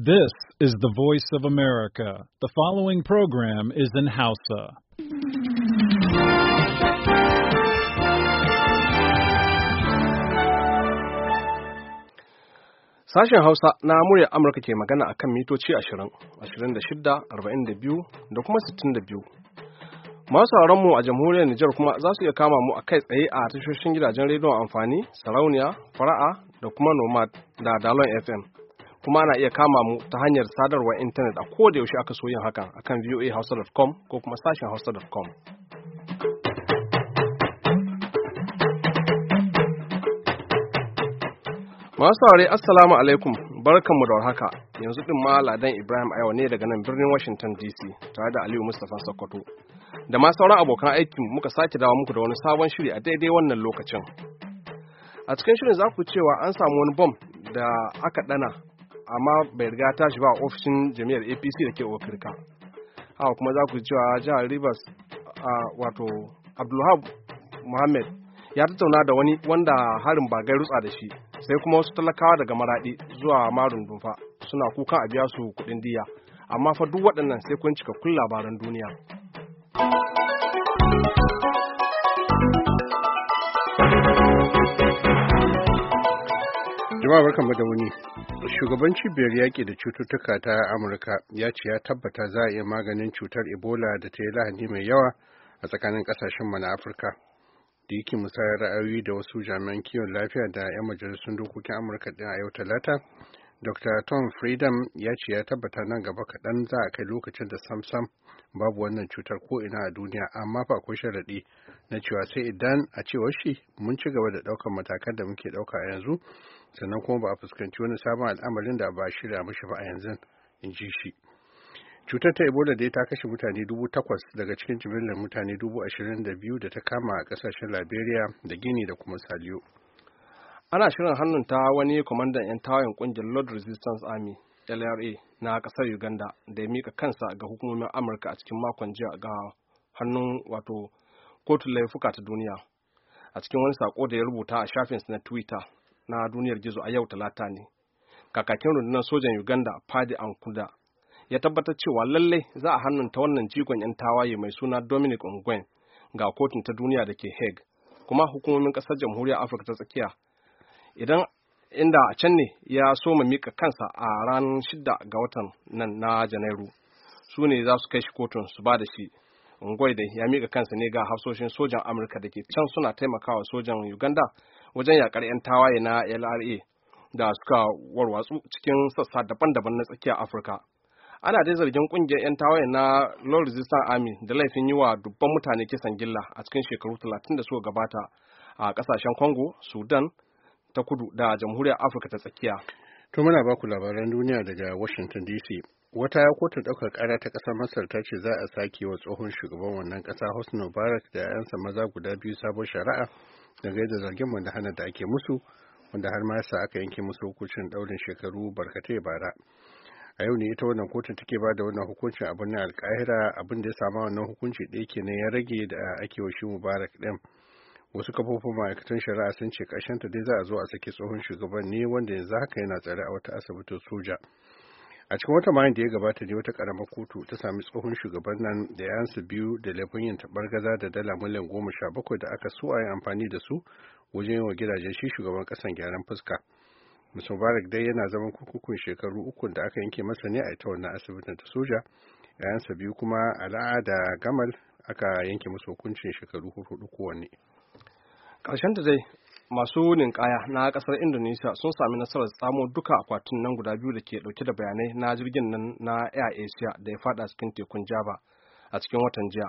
This is the voice of America. The following program is in Hausa. Sashen Hausa na murya Amurka ke magana a kan mitoci 20, 26, 42 da kuma 62. Masu mu a jamhuriyar Nijar kuma za su iya kama mu a kai tsaye a tashoshin gidajen rediyon amfani, sarauniya, fara'a da kuma nomad da dalon FM. kuma ana iya kama mu ta hanyar sadarwar intanet a koda yaushe aka so yin hakan akan voahausa.com ko kuma sashen hausa.com. Masu saurari Assalamu alaikum barkanmu da warhaka yanzu ɗin ma Ladan Ibrahim ayawa ne daga nan birnin Washington DC tare da Aliyu Mustapha Sokoto. Da ma sauran abokan aikin muka sake dawo muku da wani sabon shiri a daidai wannan lokacin. A cikin shirin za ku cewa an samu wani bom da aka ɗana amma bai riga ta shi ba ofishin jami'ar apc da ke ofirka haka kuma za ku cewa jihar rivers wato abdulhab muhammad ya tattauna da wani wanda harin ba gai rutsa da shi sai kuma wasu talakawa daga maraɗi zuwa marun dumfa suna kuka a biya su kuɗin diya amma fa duk waɗannan sai kun cika kun labaran duniya Jama'a barkan da wani Shugaban cibiyar yaƙi da cututtuka ta Amurka ya ce ya tabbata za a iya maganin cutar Ebola da ta yi lahani mai yawa a tsakanin ƙasashen mana Afirka. Da yake musayar ra'ayoyi da wasu jami'an kiwon lafiya da 'yan majalisun dokokin Amurka ɗin a yau Talata, Dr. Tom Freedom ya ce ya tabbata nan gaba kaɗan za a kai lokacin da samsam babu wannan cutar ko ina a duniya amma fa akwai sharaɗi na cewa sai idan a cewar shi mun ci gaba da ɗaukar matakan da muke ɗauka a yanzu sannan kuma ba a fuskanci wani sabon al'amarin da ba shirya mishi ba a yanzu in ji shi cutar ta ebola dai ta kashe mutane dubu takwas daga cikin jimillar mutane dubu ashirin da biyu da ta kama a ƙasashen liberia da guinea da kuma saliyo ana shirin hannun ta wani kwamandan 'yan tawayen ƙungiyar lord resistance army LRA na ƙasar Uganda da ya mika kansa ga hukumomin Amurka a cikin makon jiya ga hannun wato kotun laifuka ta duniya. A cikin wani sako da ya rubuta a shafinsa na Twitter na duniyar gizo a yau talata ne. Kakakin rundunar sojan Uganda Fadi Ankuda ya tabbatar cewa lallai za a hannunta wannan jigon 'yan tawaye mai suna Dominic Ongwen ga kotun ta duniya da ke Hague kuma hukumomin ƙasar jamhuriyar Afirka ta tsakiya idan inda a can ne ya soma mika kansa a ranar shida ga watan nan na janairu su ne za su kai shi kotun su ba da shi ngwai da ya mika kansa ne ga hafsoshin sojan amurka da ke can suna taimakawa sojan uganda wajen yakar 'yan tawaye na lra da suka warwatsu cikin sassa daban-daban na tsakiyar afirka ana dai zargin kungiyar 'yan tawaye na lord resistance army da laifin yi wa dubban mutane kisan gilla a cikin shekaru 30 da suka gabata a kasashen congo sudan ta kudu da jamhuriyar afirka ta tsakiya to muna baku labaran duniya daga washington dc wata ya kotun ɗaukar ƙara ta ƙasar masar ta ce za a sake wa tsohon shugaban wannan ƙasa hosni mubarak da 'ya'yansa maza guda biyu sabon shari'a daga yadda zargin wanda hana da ake musu wanda har ma yasa aka yanke musu hukuncin ɗaurin shekaru barkatai bara a yau ne ita wannan kotun take ba da wannan hukuncin abin na alkahira abin da ya sama wannan hukunci ɗaya kenan ya rage da ake wa shi mubarak ɗin wasu kafofin ma'aikatan shari'a sun ce ta dai za a zo a saki tsohon shugaban ne wanda yanzu haka yana tsare a wata asibitin soja a cikin wata mayan da ya gabata ne wata karamar kotu ta sami tsohon shugaban nan da yansu biyu da laifin yin gaza da dala miliyan goma sha bakwai da aka so a yi amfani da su wajen yi wa gidajen shi shugaban kasan gyaran fuska musu dai yana zaman kurkukun shekaru uku da aka yanke masa ne a ita wannan asibitin ta soja yayansa biyu kuma al'ada gamal aka yanke musu hukuncin shekaru hudu kowanne. ta dai masu ninkaya na ƙasar indonesia sun sami nasarar tsamo duka akwatin nan guda biyu da ke ɗauke da bayanai na jirgin nan na air asia da ya fada cikin tekun java a cikin watan jiya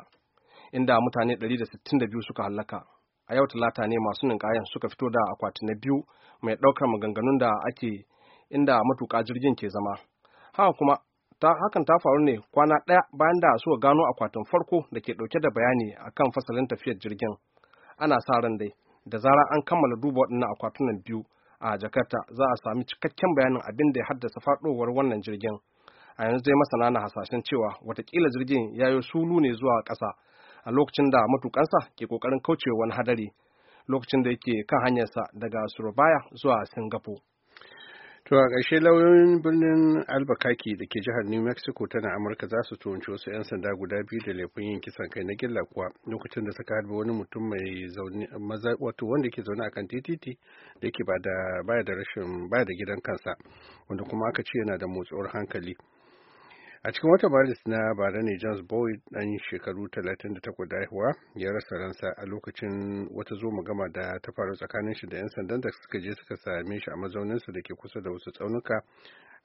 inda mutane 162 suka hallaka a yau talata ne masu ninkayan suka fito da akwati na biyu mai ɗaukar maganganun da ake inda matuka jirgin ke zama haka kuma ta hakan ta faru ne kwana ɗaya bayan da suka gano akwatin farko da ke ɗauke da bayani akan fasalin tafiyar jirgin ana sa ran dai da zara an kammala duba waɗannan akwatunan biyu a jakarta za a sami cikakken bayanin abin da ya haddasa faɗowar wannan jirgin a yanzu dai masana na hasashen cewa watakila jirgin ya yi sulu ne zuwa ƙasa a lokacin da matukansa ke ƙoƙarin kaucewa wani hadari lokacin da yake kan hanyarsa daga surabaya zuwa singapore To a ƙarshe lauyoyin birnin Albuquerque da ke jihar New Mexico tana Amurka za su tunci wasu 'yan sanda guda biyu da laifin yin kisan kai na gilla kuwa lokacin da suka harbi wani mutum mai zaune wato wanda ke zaune akan titi da yake ba da rashin baya da gidan kansa wanda kuma aka ce yana da motsuwar hankali. a cikin wata maris na bara ne james boyd dan shekaru 38 da haihuwa ya rasa ransa a lokacin wata zo gama da ta faru tsakanin shi da 'yan sandan da suka je suka same shi a mazauninsa da ke kusa da wasu tsaunuka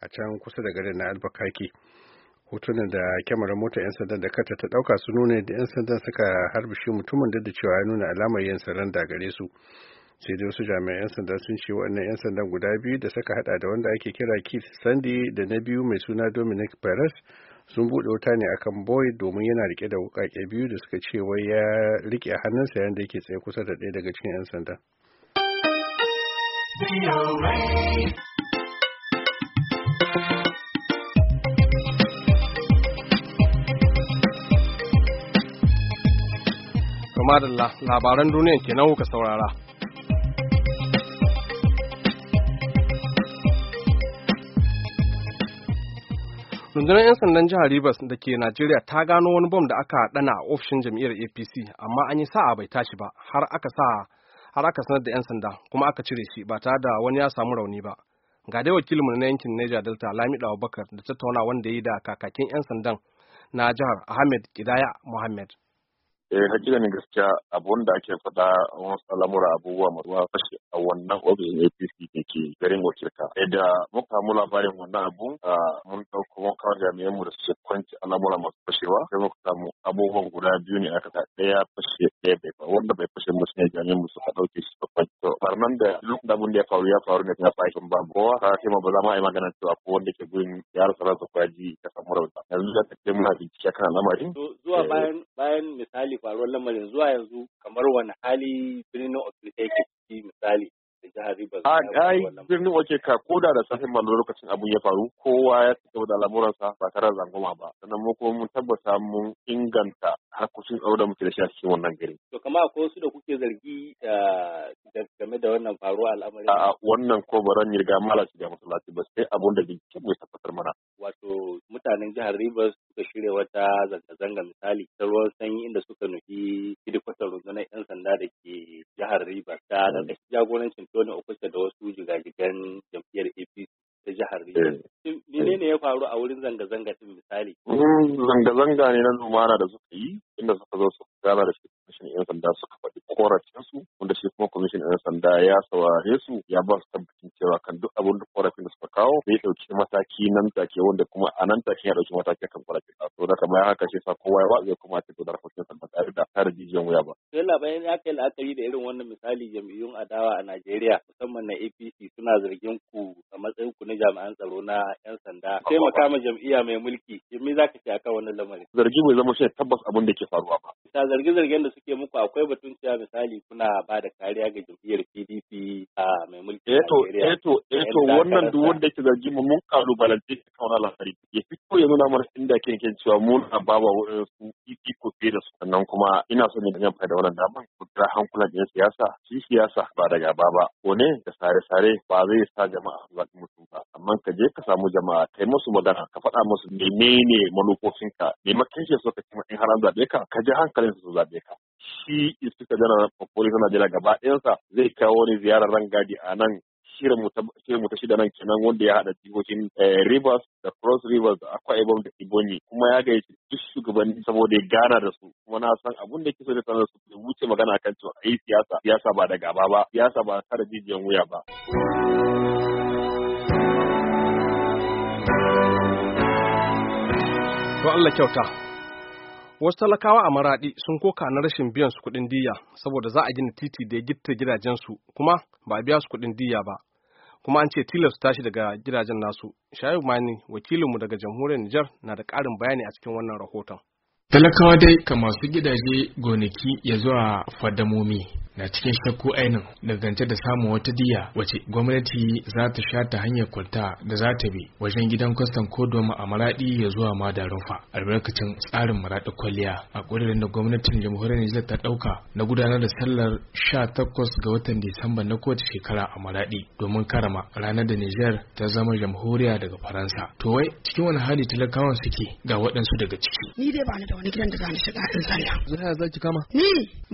a can kusa da garin na albakaki hotunan da kyamarar mota 'yan sandan da kata ta dauka su nuna da 'yan sandan suka harbi shi mutumin da cewa ya nuna alamar yin da gare su sai dai wasu jami'an 'yan sanda sun ce wannan 'yan sandan guda biyu da suka hada da wanda ake kira keith sandy da na biyu mai suna dominic perez sun buɗe wuta ne akan boy domin yana rike da wukake biyu da suka ce wai ya rike a hannunsa yanda yake tsaye kusa da ɗaya daga cikin 'yan sanda. Kamar da labaran duniya kenan kuka saurara. rundunar 'yan sandan jihar rivers da ke najeriya ta gano wani bom da aka dana a ofishin jam'iyyar apc amma an yi sa'a bai tashi ba har aka sanar da 'yan sanda kuma aka cire shi ba tare da wani ya samu rauni ba ga dai wakilinmu na yankin niger delta lamido abubakar da tattauna wanda ya yi da kakakin 'yan sandan na jihar ahmed kidaya muhammad eh hakika ne gaskiya abun da ake faɗa wasu al'amura abubuwa masu ruwa fashe a wannan ofishin apc da ke garin wakilka da muka mu labarin wannan abun mun ɗauko mun kawo jami'an mu da su kwanci al'amura masu fashewa sai muka samu abubuwan guda biyu ne aka kaɗa ɗaya fashe ɗaya bai faru wanda bai fashe mu shine jami'an mu suka ɗauke shi da kwanci to farnan da lokacin abun da ya faru ya faru ne ta fashin ba kowa ka ce ma ba za mu yi magana cewa ko wanda ke gurin ya rasa rasa kwaji ka samu rauta yanzu da ta ce muna bincike kan al'amarin. zuwa eh, bayan bayan misali ne faruwar lamarin zuwa yanzu kamar wani hali birnin ya yake ciki misali da jihar Rivers. A ai birnin wake ka koda da safin ma lokacin abun ya faru kowa ya tafi da lamuransa ba tare da zangoma ba sannan mu kuma mun tabbata mun inganta harkokin tsaro da muke da shi a cikin wannan gari. To kama akwai wasu da kuke zargi eh, da game da wannan faruwar al'amarin? A wannan ko ba ran riga mala shiga masallaci ba sai abun da bincike mu tabbatar mana. mutanen jihar Rivers suka shirya wata zanga-zanga misali ta ruwan sanyi inda suka nufi hidikwatar rundunar 'yan sanda da ke jihar Rivers ta ƙarƙashin jagorancin Tony Okocha da wasu jigajigan jam'iyyar APC ta jihar Rivers. Eh. ne ya faru a wurin zanga-zanga din misali? Zanga-zanga ne na lumana da suka yi inda suka zo suka gana da shi kwamishin 'yan sanda suka faɗi korafin su wanda shi kuma kwamishin 'yan sanda ya saurare su ya ba su tabbacin cewa kan duk abin da korafin da kawo sai ya dauki mataki nan take wanda kuma a nan take ya dauki mataki kan kwalafi to da kamar haka shi sa kowa ya wazo kuma ta gudanar harkokin sa ba da tare jijiyar wuya ba Sai yalla bayan ya kai la'akari da irin wannan misali jam'iyyun adawa a Najeriya musamman na APC suna zargin ku a matsayin ku na jami'an tsaro na yan sanda sai makama jam'iyya mai mulki me za ka ce akan wannan lamarin zargi bai zama shi tabbas abin da ke faruwa ba ta zarge-zargen da suke muku akwai batun cewa misali kuna ba da kariya ga jam'iyyar PDP a mai mulki eto eto eto wannan duk wanda ke zargi mu mun kalubalance shi kan wannan lafari. ya fito ya nuna mana inda ke kin cewa mun na ba wa su ko fiye da su sannan kuma ina son ne da da wannan daman ku kira hankulan da siyasa shi siyasa ba daga baba ko ne da sare-sare ba zai sa jama'a zuwa mutum ba amma ka je ka samu jama'a kai musu magana ka faɗa musu menene manufofinka me makanshin suka kuma in har an zaɓe ka ka ji hankalin su zaɓe ka shi inspector general of police na jira gaba ɗayansa zai kawo wani ziyarar rangadi a nan shirin mu ta shida nan kenan wanda ya haɗa jihohin eh, Rivers da Cross Rivers da Akwa Ibom da Ibonyi kuma ya gayyaci duk shugabanni saboda ya gana da su kuma na san abun da kiso da sanar su wuce magana kan cewa a yi siyasa siyasa ba da gaba ba siyasa ba tare jijiyan wuya ba. To Allah kyauta. Wasu talakawa a Maraɗi sun koka na rashin biyan su kuɗin diya saboda za a gina titi da ya gitta gidajensu kuma ba a biya su kuɗin diya ba. Kuma an ce tilas tashi daga gidajen nasu. Shayu Mani wakilinmu daga jamhuriyar Nijar na da ƙarin bayani a cikin wannan rahoton. Talakawa dai ka masu gidaje gonaki ya zuwa fadamomi na cikin shakku ainin dangance da samun wata diya wace gwamnati za ta sha ta hanyar kwalta da za ta bi wajen gidan kwastan kodoma a maradi ya zuwa madarin fa albarkacin tsarin maradi kwalliya a ƙudurin da gwamnatin jamhuriyar nijar ta ɗauka na gudanar da sallar 18 ga watan disamba na kowace shekara a maradi domin karama ranar da nijar ta zama jamhuriya daga faransa to wai cikin wani hali talakawan suke ga waɗansu daga ciki ni dai ba ni da wani gidan da za ni shiga in sallah za ki kama ni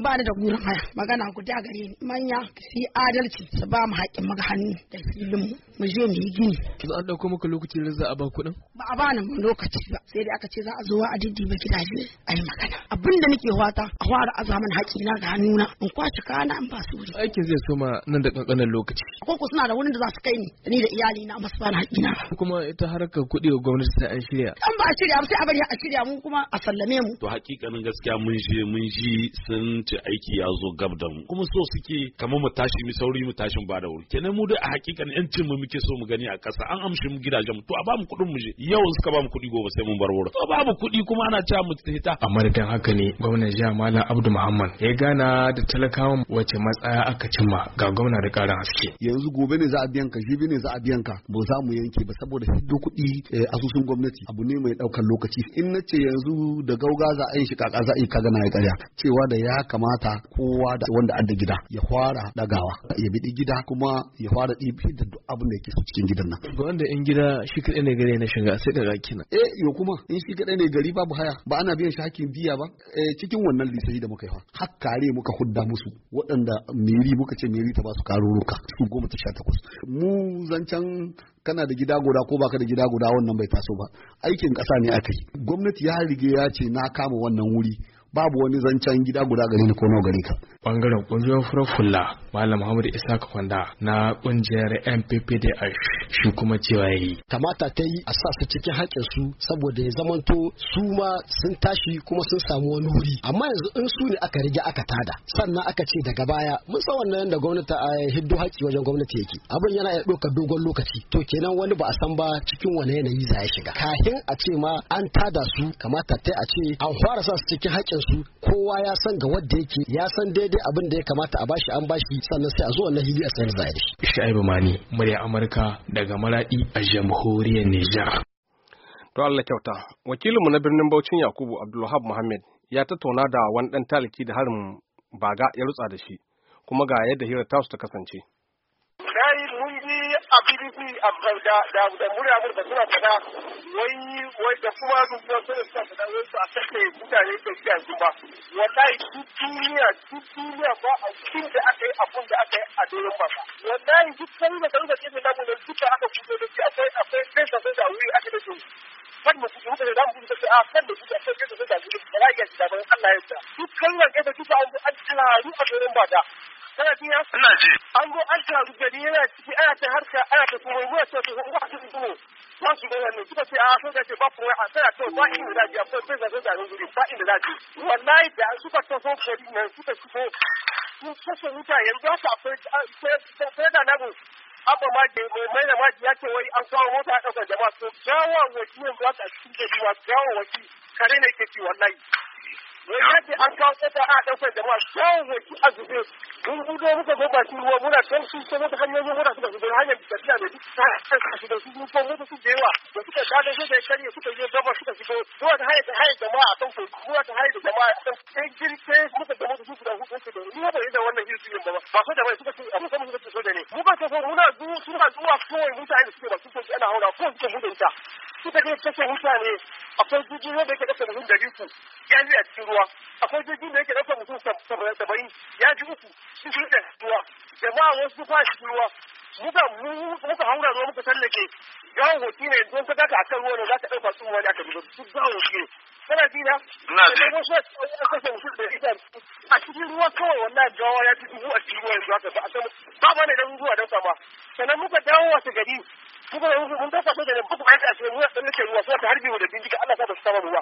ba ni da gurin haya magana guda gare ni manya su yi adalci su ba mu haƙƙin maka hannu da filin mu je mu yi gini. Kin an ɗauko maka lokacin da za a ba kuɗin? Ba a bani lokaci ba sai dai aka ce za a zo a diddiba gidaje a yi magana. Abin da nake wata a fara azaman na ga hannuna in kwace kana in ba su wuri. Aikin zai soma nan da ƙanƙanin lokaci. Ko ku suna da wurin da za su kai ni ni da iyali na masu bani haƙƙina. Kuma ita harkar kuɗi ga gwamnati ta an shirya. An ba a shirya sai a bari a shirya mu kuma a sallame mu. To hakikanin gaskiya mun je mun ji sun ci aiki ya zo gab da mu. kuma so suke kamar mu tashi mu sauri mu tashin ba da wuri kenan mu dai a hakikan yancin mu muke so mu gani a kasa an amshi mu gidajen mu to a ba mu kuɗin mu je yau suka ba mu kuɗi gobe sai mun bar wurin to babu kuɗi kuma ana cewa mu hita amma dan haka ne gwamnan jiha malam abdu muhammad ya gana da talakawan wace matsaya aka cimma ga gwamna da karan haske yanzu gobe ne za a biyan ka jibi ne za a biyan ka ba za mu yanke ba saboda hiddo kuɗi eh, asusun gwamnati abu ne mai ɗaukar lokaci in na ce yanzu da gauga za a yi shi kaka za a yi kaga na ya cewa da ya kamata kowa da wanda da adda gida ya fara dagawa ya bi gida kuma ya fara ɗibi da duk abin da yake cikin gidan nan Ba wanda in gida shi kadai ne gare na shiga sai daga kina eh yo kuma in shi kadai ne gari babu haya ba ana biyan shi hakkin biya ba eh cikin wannan lissafi da muka yi fa har kare muka hudda musu waɗanda meri muka ce meri ta ba su karuruka su goma ta sha takwas mu zancen kana da gida guda ko baka da gida guda wannan bai taso ba aikin ƙasa ne aka yi gwamnati ya rige ya ce na kama wannan wuri babu wani zancen gida guda gare ni ko nawa gare ka bangaren kungiyar furar fulla malam muhammad isa kwanda na kungiyar da shi kuma cewa yayi kamata ta yi a sa cikin haƙƙin su saboda ya zamanto su ma sun tashi kuma sun samu wani wuri amma yanzu in su ne aka rige aka tada sannan aka ce daga baya mun san wannan da gwamnati a hiddo haƙƙi wajen gwamnati yake abin yana iya ɗaukar dogon lokaci to kenan wani ba a san ba cikin wani yanayi za ya shiga kafin a ce ma an tada su kamata ta a ce an fara sa cikin haƙƙin su kowa ya san ga wanda yake ya san daidai abin da ya kamata a bashi an bashi sannan sai a zo wannan hili a sayar da shi Shaibu Mani murya Amurka daga Maradi a jamhuriyar Niger To Allah kyauta wakilinmu na birnin Bauchin Yakubu Abdulwahab Muhammad ya tattauna da wani dan taliki da harin baga ya rutsa da shi kuma ga yadda hirar tasu ta kasance a pdp da murya amurka suna fada wai wai da kuma rubuwa suna suna fada wai su a sake mutane da shi yanzu ba wallahi duk tutuniya duk ba a cikin da aka yi abun da aka yi a doron ba wallahi duk sai da kan da ke da mun duka aka fito da shi akwai akwai sai da sai da wuri aka da san mu su da za mu gudu sai a san da su da sai da sai da ba ya ji da Allah ya sa. duk kalmar da duk an an taru a doron bada kana ji ina ji an go an taru gari yana ciki ana ta harka ana ta kuma ruwa ta ta ruwa ta kuma ba su ga wannan suka ce a so da ce ba ku wai a sai to ba inda za ji a sai da sai da guri ba inda za ji wallahi da suka tafi gari nan suka shigo sun kashe mutane yanzu haka akwai sai da nagu abba ma ke mai mai da maji ya ce wai an kawo mota a ɗaukar jama'a to gawa wakilin ba ta cikin gajiwa gawa wakil kare ne ke ci wallahi wai ya ce an kawo sata a ɗaukar jama'a shawon waki a zube mun gudu muka zo bakin ruwa muna kan su ta wata hanyoyin muna suka zube hanyar tafiya da duk ta kan su da su mun mutu su da yawa da suka gane su da karye suka je gaba suka fito ruwa ta haye ta haye jama'a a kan su ruwa ta haye jama'a a kan sai girke muka da su da hudu su da ni ba da wannan irin yin ba ba so da bai suka ce a musamman suka ce so da ne mu ba so muna zuwa suna zuwa kawai mutane suke ba su ko ana haura ko suke mudunta suka ce kashe mutane akwai gudu wanda yake kashe da dari ku ya a cikin ruwa akwai jirgin da yake ɗaukar mutum saba'in ya ji uku sun ji ɗaya ruwa jama'a wasu ba shi ruwa muka muka haura ruwa muka tallake ga hoti ne don ka daka akan ruwa ne za ka ɗauka su wani aka duba su gawo hoti ne kana ji na na ji a cikin ruwa kawai wannan gawa ya fi dubu a cikin ruwa yanzu haka ba a san ba ba ne don zuwa don sama sannan muka dawo wasu gari su ba mun ba sa da ba su kai a cikin ruwa sun nake ruwa sai ta harbi da bindiga Allah sa ta sama ruwa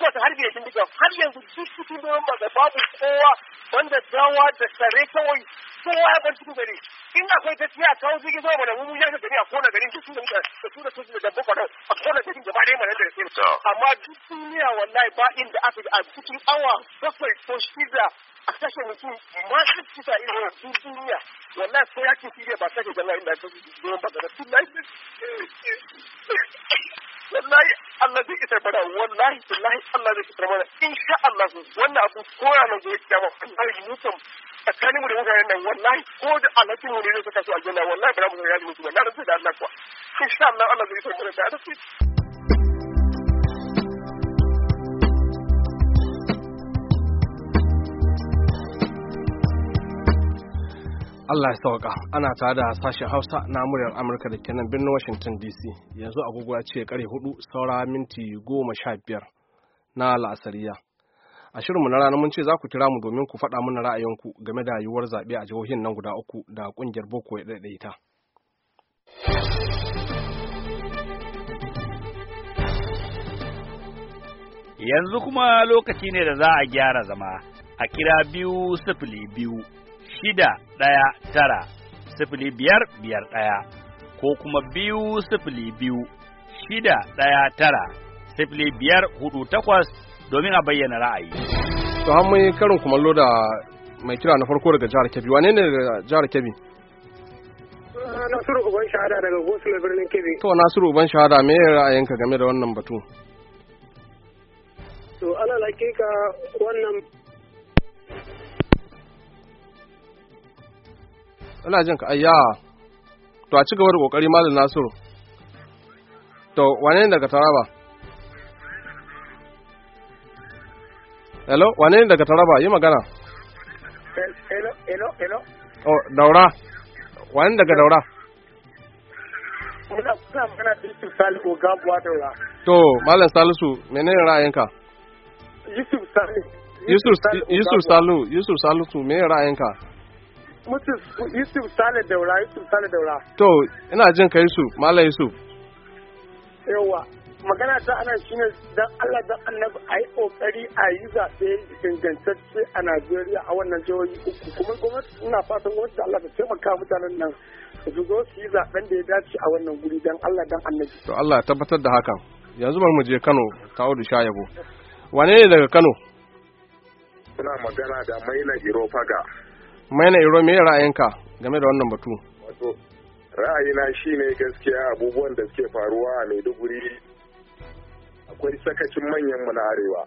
ko ta harbi da bindiga har yanzu duk su ba da babu kowa wanda dawa da sare kawai kowa ya ban cikin gari in akwai tafiya a kawo jirgin sama da mu ya gari a kona gari duk su da su da su da dabba kwanan a kona garin gaba ɗaya mana da rake amma duk duniya wallahi ba inda aka yi a cikin awa bakwai ko shida a kashe mutum masu fita irin sun duniya wallahi ko yakin siriya ba kashe jama'a inda ake zuwan baka da su laifin wallahi Allah zai isar mana wallahi wallahi Allah zai isar mana insha Allah wannan abu koya nan zai kiyama wallahi mu kan tsakaninmu da mutanen nan wallahi ko da alhakin mu ne zai saka su aljanna wallahi ba za mu ga yaji mutu ba na rantsa da Allah kuwa insha Allah Allah zai isar mana da alhakin Allah ya sauka ana tare da sashen Hausa na muryar Amurka da kenan birnin Washington DC yanzu agogo ya ce kare hudu saura minti goma sha biyar na la'asariya. A shirinmu na rana mun ce za ku kira mu domin ku faɗa mana ra'ayinku game da yiwuwar zaɓe a jihohin nan guda uku da ƙungiyar Boko ya ɗaiɗaita. Yanzu kuma lokaci ne da za a gyara zama a kira biyu sifili biyu shida ɗaya tara sifili biyar biyar ɗaya ko kuma biyu sifili biyu shida ɗaya tara sifili biyar hudu takwas domin a bayyana ra'ayi. To har mun karin kumallo da mai kira na farko daga jihar Kebbi wane ne daga jihar Kebbi? Nasiru Uban Shahada daga Gosulo birnin Kebbi. To Nasiru Uban Shahada me ra'ayinka game da wannan batu? To hakika wannan ina jin ka ayya to a ci gaba da kokari malam nasiru to wane ne daga taraba hello wane ne daga taraba yi magana hello hello hello oh daura wane daga daura muna kuna magana da Yusuf Salisu Gabuwa daura to malam Salisu menene ra'ayinka Yusuf Salisu Yusuf Salisu, Yusuf Salisu menene ra'ayinka Yusuf Sale Daura, Yusuf Sale Daura. To, ina jin ka su, Malam Yusuf. Yawa, magana ta ana ne don Allah dan Annabi a yi ƙoƙari a yi zaɓe ingantacce a Najeriya a wannan jihohi uku kuma gwamnati ina fatan gwamnati da Allah ta taimaka mutanen nan su zo su yi zaɓen da ya dace a wannan guri don Allah dan Annabi. To Allah ya tabbatar da hakan. Yanzu bari mu je Kano, Tawudu Shayabo. Wane ne daga Kano? Suna magana da Maina Irofaga. maina iro me ra'ayinka game da wannan batu wato ra'ayina shine gaskiya abubuwan da suke faruwa a maiduguri akwai sakacin manyan mu arewa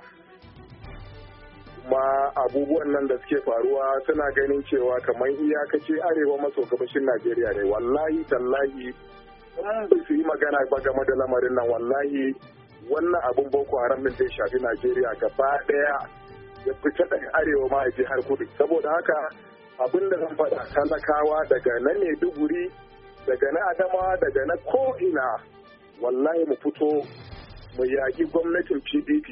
kuma abubuwan nan da suke faruwa suna ganin cewa kamar iyakace arewa maso gabashin najeriya ne wallahi tallahi in ba su yi magana ba game da lamarin nan wallahi wannan abin boko haram din zai shafi najeriya gaba daya ya fita daga arewa ma a har kudu saboda haka abin da zan faɗa talakawa daga na maiduguri daga na adama daga na ko'ina wallahi mu fito mu yaƙi gwamnatin pdp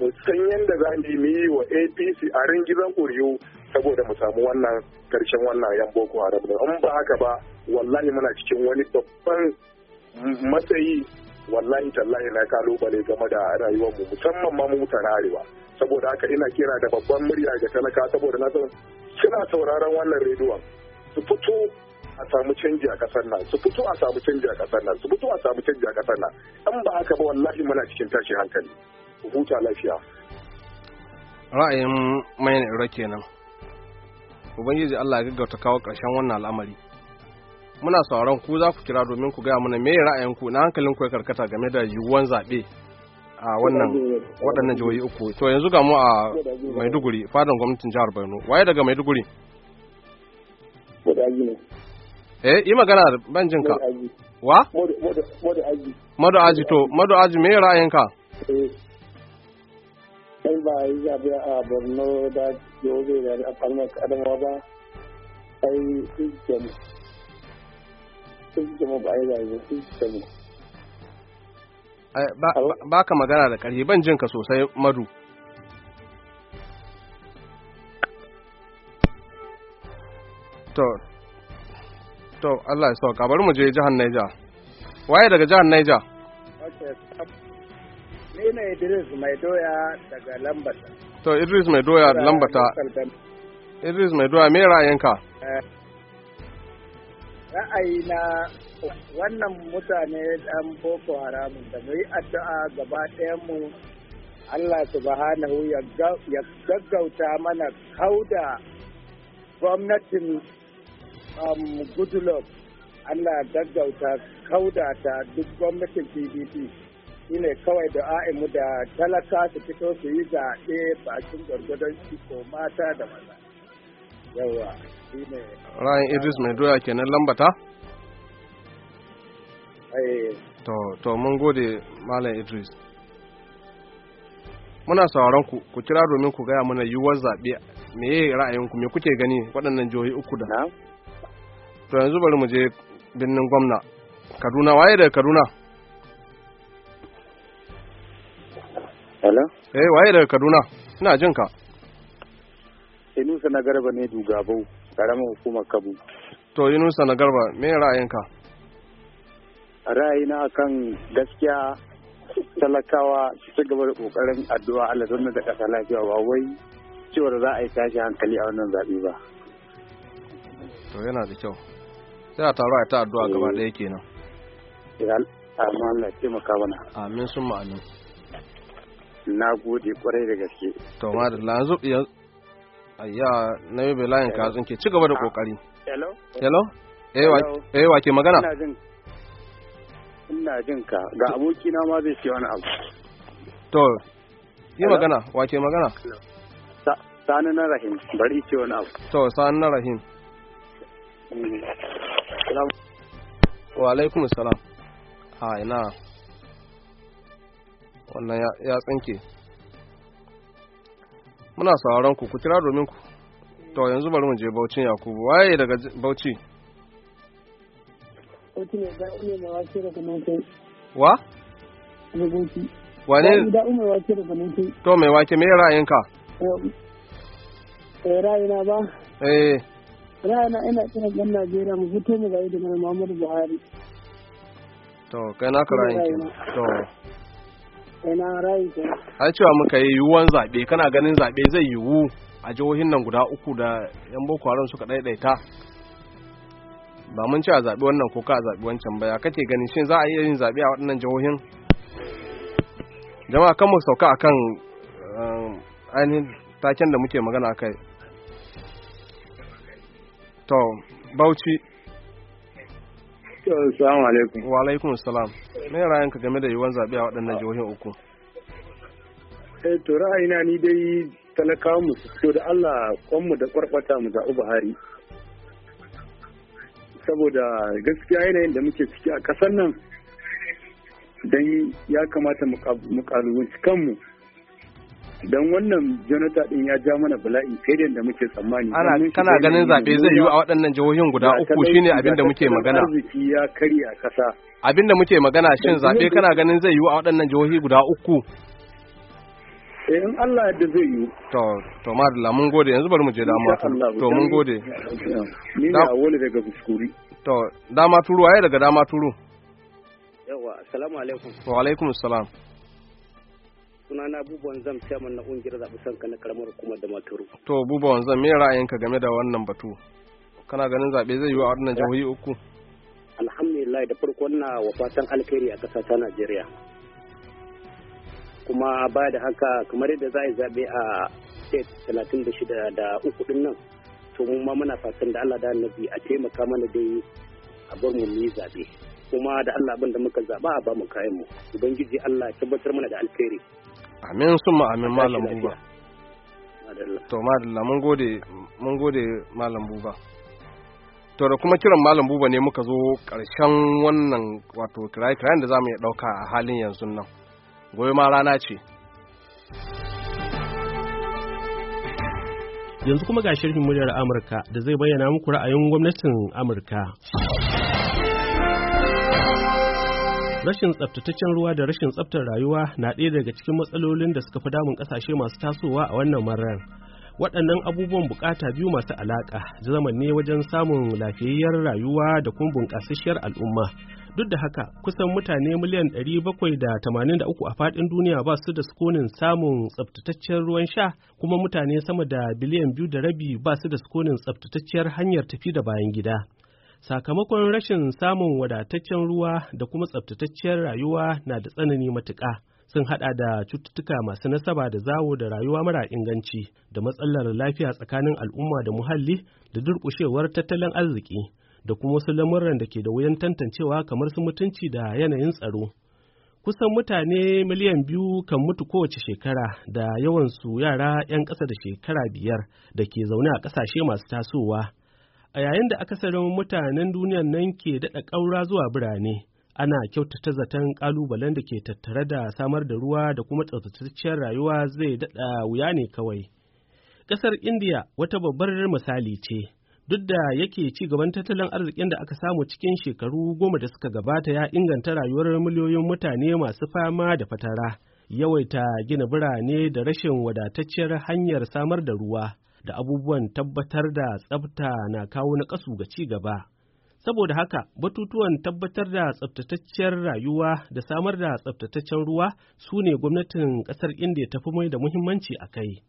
mu san yadda za mu yi wa apc a ringizan ƙuriyu saboda mu samu wannan karshen wannan yan boko haram in ba haka ba wallahi muna cikin wani babban matsayi wallahi tallahi na kalubale game da rayuwar mu musamman ma mu mutane arewa saboda haka ina kira da babban murya ga talaka saboda na san suna sauraron wannan rediyon su fito a samu canji a kasar nan su fito a samu canji a kasar nan su fito a samu canji a kasar nan in ba haka ba wallahi muna cikin tashin hankali ku huta lafiya ra'ayin ne ira kenan ubangiji Allah ya gaggauta kawo karshen wannan al'amari muna sauraron ku za ku kira domin ku gaya mana me ra'ayinku na hankalin ku ya karkata game da yiwuwan zaɓe a wannan waɗannan jihohi uku to yanzu ga mu a maiduguri fadan gwamnatin jihar borno waye daga maiduguri eh yi magana ban jin ka wa madu aji to madu aji me ka in eh, ba yi zabi a borno da jihohi da a farmar adamawa ba ai sun jama sun jama ba yi zaɓe sun jama Eh, ba ka magana da ƙarfi ban ka sosai madu to to Allah ya sauka bari mu je jihar Niger waye daga jihar Niger um, ni ne Idris mai doya daga Lambata to Idris mai doya da Lambata Idris mai doya me ra'ayinka eh, ra'ayi na wannan mutane ɗan boko haram da mu yi addu'a gaba mu Allah subhanahu ya gaggauta mana kauda gwamnatin um, goodluck Allah ya gaggauta kauda ta duk gwamnatin pdp shine kawai da mu da talaka su fito su yi zaɓe bakin gwargwadon iko mata da maza yawa Ryan Idris mai doya kenan lambata? Eh. To, to mun gode Malam Idris. Muna sauran ku, ku kira domin ku gaya mana yiwuwar zaɓe meye ra'ayinku me kuke gani waɗannan jihohi uku da. To yanzu bari mu je birnin gwamna. Kaduna waye daga Kaduna? Hello? Eh waye daga Kaduna? Ina jin ka. Inusa na garba ne dugabau. karamin hukumar kabu to nusa na garba me ra'ayinka ra'ayina kan gaskiya talakawa su gaba da kokarin addu'a Allah don da kasa lafiya ba wai cewar za a yi tashi hankali a wannan zaɓe ba to yana da kyau sai a taro a ta addu'a gaba ɗaya eh. kenan amma Allah ya taimaka mana amin sun ma'anin na gode kwarai da gaske to madalla yanzu ayya na yi layin ka tsinke ci gaba da kokari ah, hello eh, hello eh wa ke magana ina jin ka ga abokina ma zai ce wani abu to yi magana wa ke magana sani na rahim bari ce wani abu to sani na rahim mm. wa alaikum salam ha ina wannan ya tsinke muna sauran ku ku kira domin ku to yanzu bari mu je Bauchi Yakubu waye daga Bauchi wa wane to mai wake me ra'ayinka eh, eh ra'ayina ba eh ra'ayina ina kira ga Najeriya mu fito mu ga da Muhammadu Buhari to kai na ka ra'ayin to ina rai har cewa muka yi yiwuwan zaɓe kana ganin zaɓe zai yiwu a jihohin nan guda uku da yan boko haram suka ɗaiɗaita ba mun ce a zaɓe wannan ko ka a zaɓe wancan ba ya kake ganin shin za a iya yin zaɓe a waɗannan jihohin jama'a kan mu sauka kan eh, ainihin taken da muke magana kai to bauchi Assalamu alaikum. Wa alaikum salam. Me ka game da yiwuwar zabe a waɗannan jihohin uku? Eh to ra'ayina ni dai talakawa mu so da Allah kwanmu da kwarkwata mu zaɓi Buhari. Saboda gaskiya yanayin da muke ciki a ƙasar nan dan ya kamata mu ƙalubunci kanmu. don wannan jonathan din ya ja mana bala'i fiye da muke tsammani ana kana ganin zaɓe zai yi a waɗannan jihohin guda uku shine abin da muke magana arziki ya a kasa abin da muke magana shin zaɓe kana ganin zai yi a waɗannan jihohi guda uku eh, in Allah yadda zai yi to to madalla mun gode yanzu bari mu je da amma to mun gode ni na wani daga kuskuri to dama turu waye daga dama turu yawa assalamu alaikum wa alaikum assalam sunana abubuwan zam chairman na ƙungiyar zaɓi sanka na karamar hukumar da maturu. To abubuwan zam me ra'ayinka game da wannan batu? Kana ganin zaɓe zai yi wa wannan jihohi uku? Alhamdulillah da farko na wa fatan alkhairi a ƙasa ta Najeriya. Kuma baya da haka kamar yadda za a yi zaɓe a state talatin da shida da uku ɗin nan to mu ma muna fatan da Allah da annabi a taimaka mana dai a bar mu yi zaɓe. kuma da Allah abin da muka zaba a bamu kayan mu ubangiji Allah ya tabbatar mana da alheri amin sun ma amin malam buba to madalla mun gode mun gode malam buba to da kuma kiran malam buba ne muka zo karshen wannan wato kiraye kirayen da zamu iya dauka a halin yanzu nan gobe ma rana ce yanzu kuma ga shirin muryar amurka da zai bayyana muku ra'ayin gwamnatin amurka Rashin tsabtataccen ruwa da rashin tsaftar rayuwa na ɗaya daga cikin matsalolin da suka fi damun ƙasashe masu tasowa a wannan marar. Waɗannan abubuwan buƙata biyu masu alaƙa zama ne wajen samun lafiyayyar rayuwa da kuma bunƙasasshiyar al'umma. Duk da haka, kusan mutane miliyan da 783 a faɗin duniya ba su da sukunin samun tsabtataccen ruwan sha, kuma mutane sama da biliyan biyu da rabi ba su da sukunin tsaftatacciyar hanyar tafi da bayan gida. sakamakon rashin samun wadataccen ruwa da kuma tsabtatacciyar rayuwa na da tsanani matuka, sun hada da cututtuka masu nasaba da zawo da rayuwa mara inganci da matsalar lafiya tsakanin al'umma da muhalli da durƙushewar tattalin arziki da kuma wasu lamuran da ke da wuyan tantancewa kamar su mutunci da yanayin tsaro kusan mutane miliyan biyu kan mutu kowace shekara da yawansu yara 'yan ƙasa da shekara biyar da ke zaune a ƙasashe masu tasowa a yayin da aka akasarin mutanen duniyan nan ke daɗa ƙaura zuwa birane ana kyautata zaton ƙalubalen da ke tattare da samar da ruwa da kuma tsaftatacciyar rayuwa zai daɗa wuya ne kawai ƙasar indiya wata babbar misali ce duk da yake ci gaban tattalin arzikin da aka samu cikin shekaru goma da suka gabata ya inganta rayuwar miliyoyin mutane masu fama da fatara yawaita gina birane da rashin wadatacciyar hanyar samar da ruwa da abubuwan tabbatar da tsafta na kawo na kasu ga ci gaba. Saboda haka, batutuwan tabbatar da tsabtataccen rayuwa da samar da tsaftataccen ruwa su ne gwamnatin ƙasar Indiya ta fi mai da muhimmanci a kai.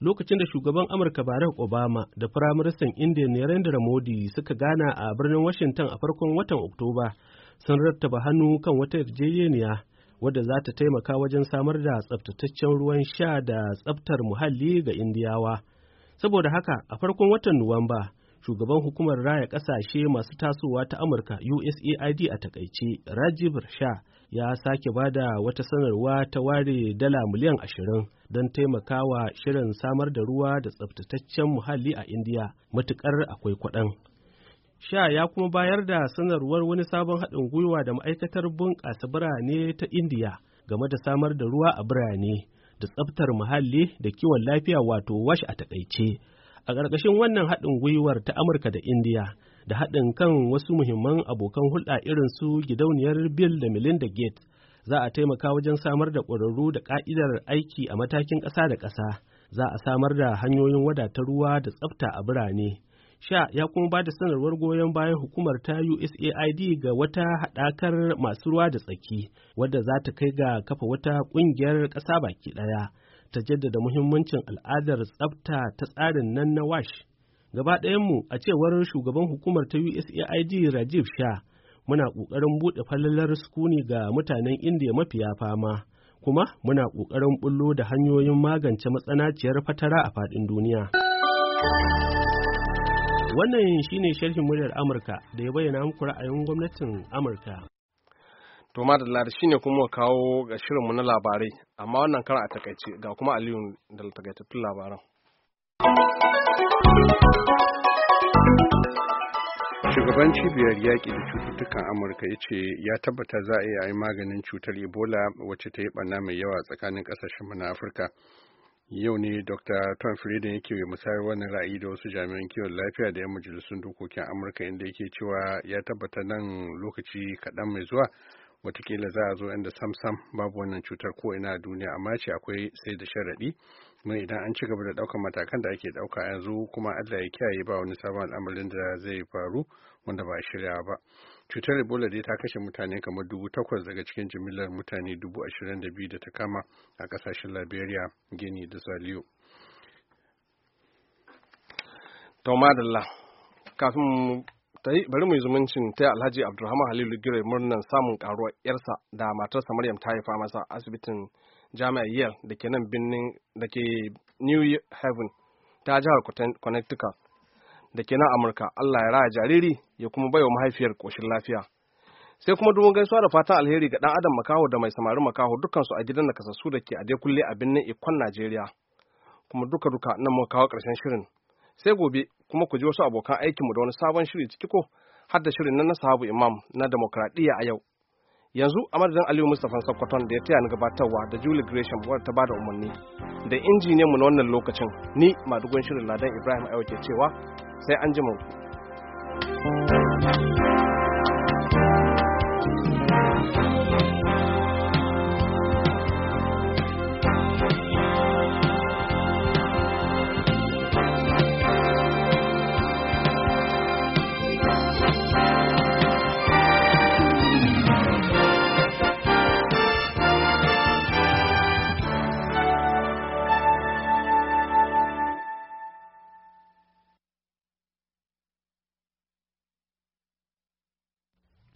Lokacin da shugaban Amurka Barack Obama da Firaministan Indiya Narendra Modi suka gana a birnin Washington a farkon watan Oktoba, sun rattaba hannu kan wata yarjejeniya wadda za ta taimaka wajen samar da tsaftataccen ruwan sha da tsaftar muhalli ga Indiyawa. Saboda haka a farkon watan Nuwamba, shugaban hukumar raya kasashe masu tasowa ta Amurka USAID a takaice Rajiv Shah ya sake bada wata sanarwa ta ware dala miliyan ashirin don taimakawa shirin samar da ruwa da tsabtataccen muhalli a Indiya matukar akwai kwaɗan. Sha ya kuma bayar da sanarwar wani sabon haɗin gwiwa da ma'aikatar bunƙasa birane ta Indiya game da samar da ruwa a birane da tsaftar muhalli da kiwon lafiya wato wash a takaice. A ƙarƙashin wannan haɗin gwiwar ta Amurka da Indiya da haɗin kan wasu muhimman abokan hulɗa irin su gidauniyar Bill da Melinda Gates za a taimaka wajen samar da ƙwararru da ƙa'idar aiki a matakin ƙasa da ƙasa. Za a samar da hanyoyin wadata ruwa da tsafta a birane. Sha ya kuma ba da sanarwar goyon bayan hukumar ta USAID ga wata haɗakar masu ruwa da tsaki wadda za ta kai ga kafa wata ƙungiyar ƙasa baki ɗaya ta jaddada muhimmancin al'adar tsafta ta tsarin nan na WASH. Gaba ɗayanmu a cewar shugaban hukumar ta USAID Rajiv Sha muna ƙoƙarin buɗe falalar sukuni ga mutanen Indiya mafiya fama. Kuma muna ƙoƙarin bullo da hanyoyin magance matsanaciyar fatara a faɗin duniya. Wannan shine sharhin muryar Amurka da ya bayyana muku ra'ayin gwamnatin Amurka. To madalla da shine kuma kawo ga shirinmu na labarai, amma wannan karan a takaice ga kuma Aliyu da takaitattun labaran. Shugaban cibiyar yaƙi da cututtukan Amurka ya ce ya tabbata za a iya yi maganin cutar Ebola wacce ta yi ɓanna mai yawa tsakanin ƙasashen na Afirka. yau ne dr tom frieden yake musayar wannan ra'ayi da wasu jami'an kiwon lafiya da 'yan majalisun dokokin amurka inda yake cewa ya tabbata nan lokaci kaɗan mai zuwa watakila za a zo inda samsam babu wannan cutar ko ina a duniya amma ce akwai sai da sharaɗi ma idan an ci gaba da ɗaukar matakan da ake ɗauka yanzu kuma allah ya kiyaye ba wani sabon al'amarin da zai faru wanda ba a shirya ba cutar ebola dai ta kashe mutane kamar dubu takwas daga cikin jimillar mutane dubu ashirin da biyu da ta kama a kasashen liberia gini da saliyo kafin bari mu zumuncin ta alhaji abdulrahman halilu gire murnan samun karuwar yarsa da matarsa maryam ta haifa masa asibitin jami'ar yale da ke nan birnin da ke new haven ta jihar connecticut da ke nan amurka allah ya raya jariri ya kuma baiwa mahaifiyar ƙoshin lafiya sai kuma dubun gaisuwa da fatan alheri ga ɗan adam makaho da mai samari makaho dukansu a gidan nakasassu da ke a kulle a birnin ikon najeriya kuma duka duka nan mu kawo ƙarshen shirin sai gobe kuma ku ji wasu abokan aikinmu da wani sabon shiri ciki ko har shirin nan na sahabu imam na demokradiyya a yau yanzu a madadin aliyu mustapha sakkwaton da ya taya ni gabatarwa da julie gresham wadda ta bada umarni da injiniyanmu na wannan lokacin ni madugon shirin ladan ibrahim ayo cewa sai an ji mu